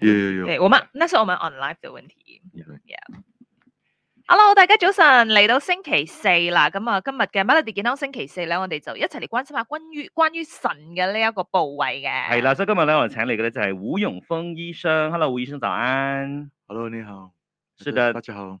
Yeah, yeah, yeah, yeah. 我哋，那是我們 online 的問題。Yeah，hello，大家早晨，嚟到星期四啦。咁啊，今日嘅 Melody 健康星期四咧，我哋就一齊嚟關心下關於關於腎嘅呢一個部位嘅。係啦，所以今日咧，我哋請嚟嘅咧就係胡永峰醫生。Hello，胡醫生早安。Hello，你好。是的，大家好。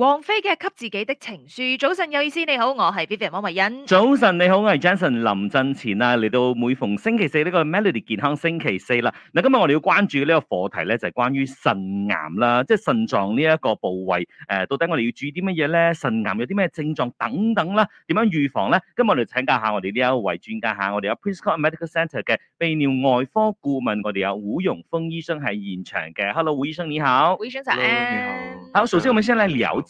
王菲嘅《給自己的情書》早晨，有意思你好，我係 Vivian 汪慧欣。早晨你好，我係 Jenson。林振前啊，嚟到每逢星期四呢個 Melody 健康星期四啦。嗱，今日我哋要關注嘅呢個課題咧，就係關於腎癌啦，即係腎臟呢一個部位誒，到底我哋要注意啲乜嘢咧？腎癌有啲咩症狀等等啦？點樣預防咧？今日我哋請教下我哋呢一位專家，下我哋有 Princess Medical Centre 嘅泌尿外科顧問，我哋有胡榮峰醫生係現場嘅。Hello，胡醫生你好。胡醫生你好。你好。好，首先我哋先嚟了解。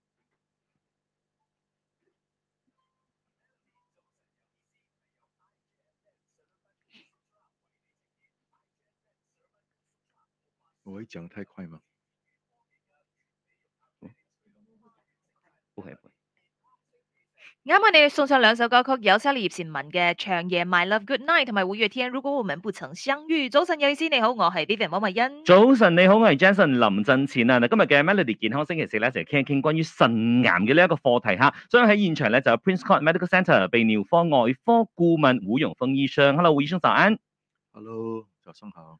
我會講太快嗎？唔，唔係，啱啱！你送上兩首歌曲，有 Sally 葉倩文嘅《長夜 My Love Good Night》，同埋五月天《如果我們不曾相遇》。早晨，有意思。你好，我係 David 王文欣。早晨你好，我係 Jason 林振前啊！嗱，今日嘅 Melody 健康星期四咧，就傾一傾關於腎癌嘅呢一個課題吓。所以喺現場咧，就有 Prince Court Medical Center 泌尿科外科顧問吳蓉峰醫生。Hello，吳醫生早安。Hello，早上好。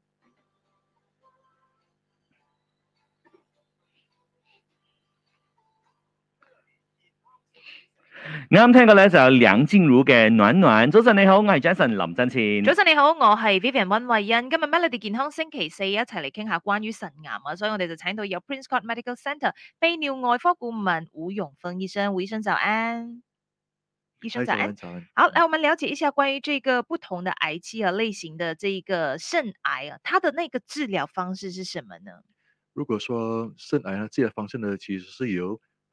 啱聽個咧就梁靜茹嘅暖暖。早晨你好，我係 Jason 林振前。早晨你好，我係 Vivian 温慧欣。今日 Melody 健康星期四一齊嚟傾下關於腎癌啊，所以我哋就請到有 Prince Court Medical Center 泌尿外科顧問胡永峰醫生。胡醫生早安，醫生早安。早安早安好，嚟我們了解一下關於這個不同的癌期和類型的這一個腎癌啊，它的那個治療方式是什麼呢？如果說腎癌嘅治療方式呢，其實是由。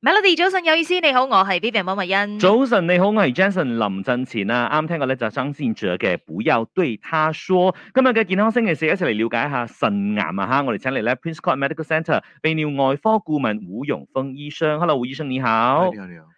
Melody 早晨有意思，你好，我係 Vivian 温慧欣。早晨你好，我係 Jason 林振前啊，啱聽過咧就係張信哲嘅不要對他說。今日嘅健康星期四，一齊嚟了解下腎癌啊吓，我哋請嚟咧 Prince Court Medical Center 泌尿外科顧問胡榮峰醫生，Hello，胡醫生你好。你好你好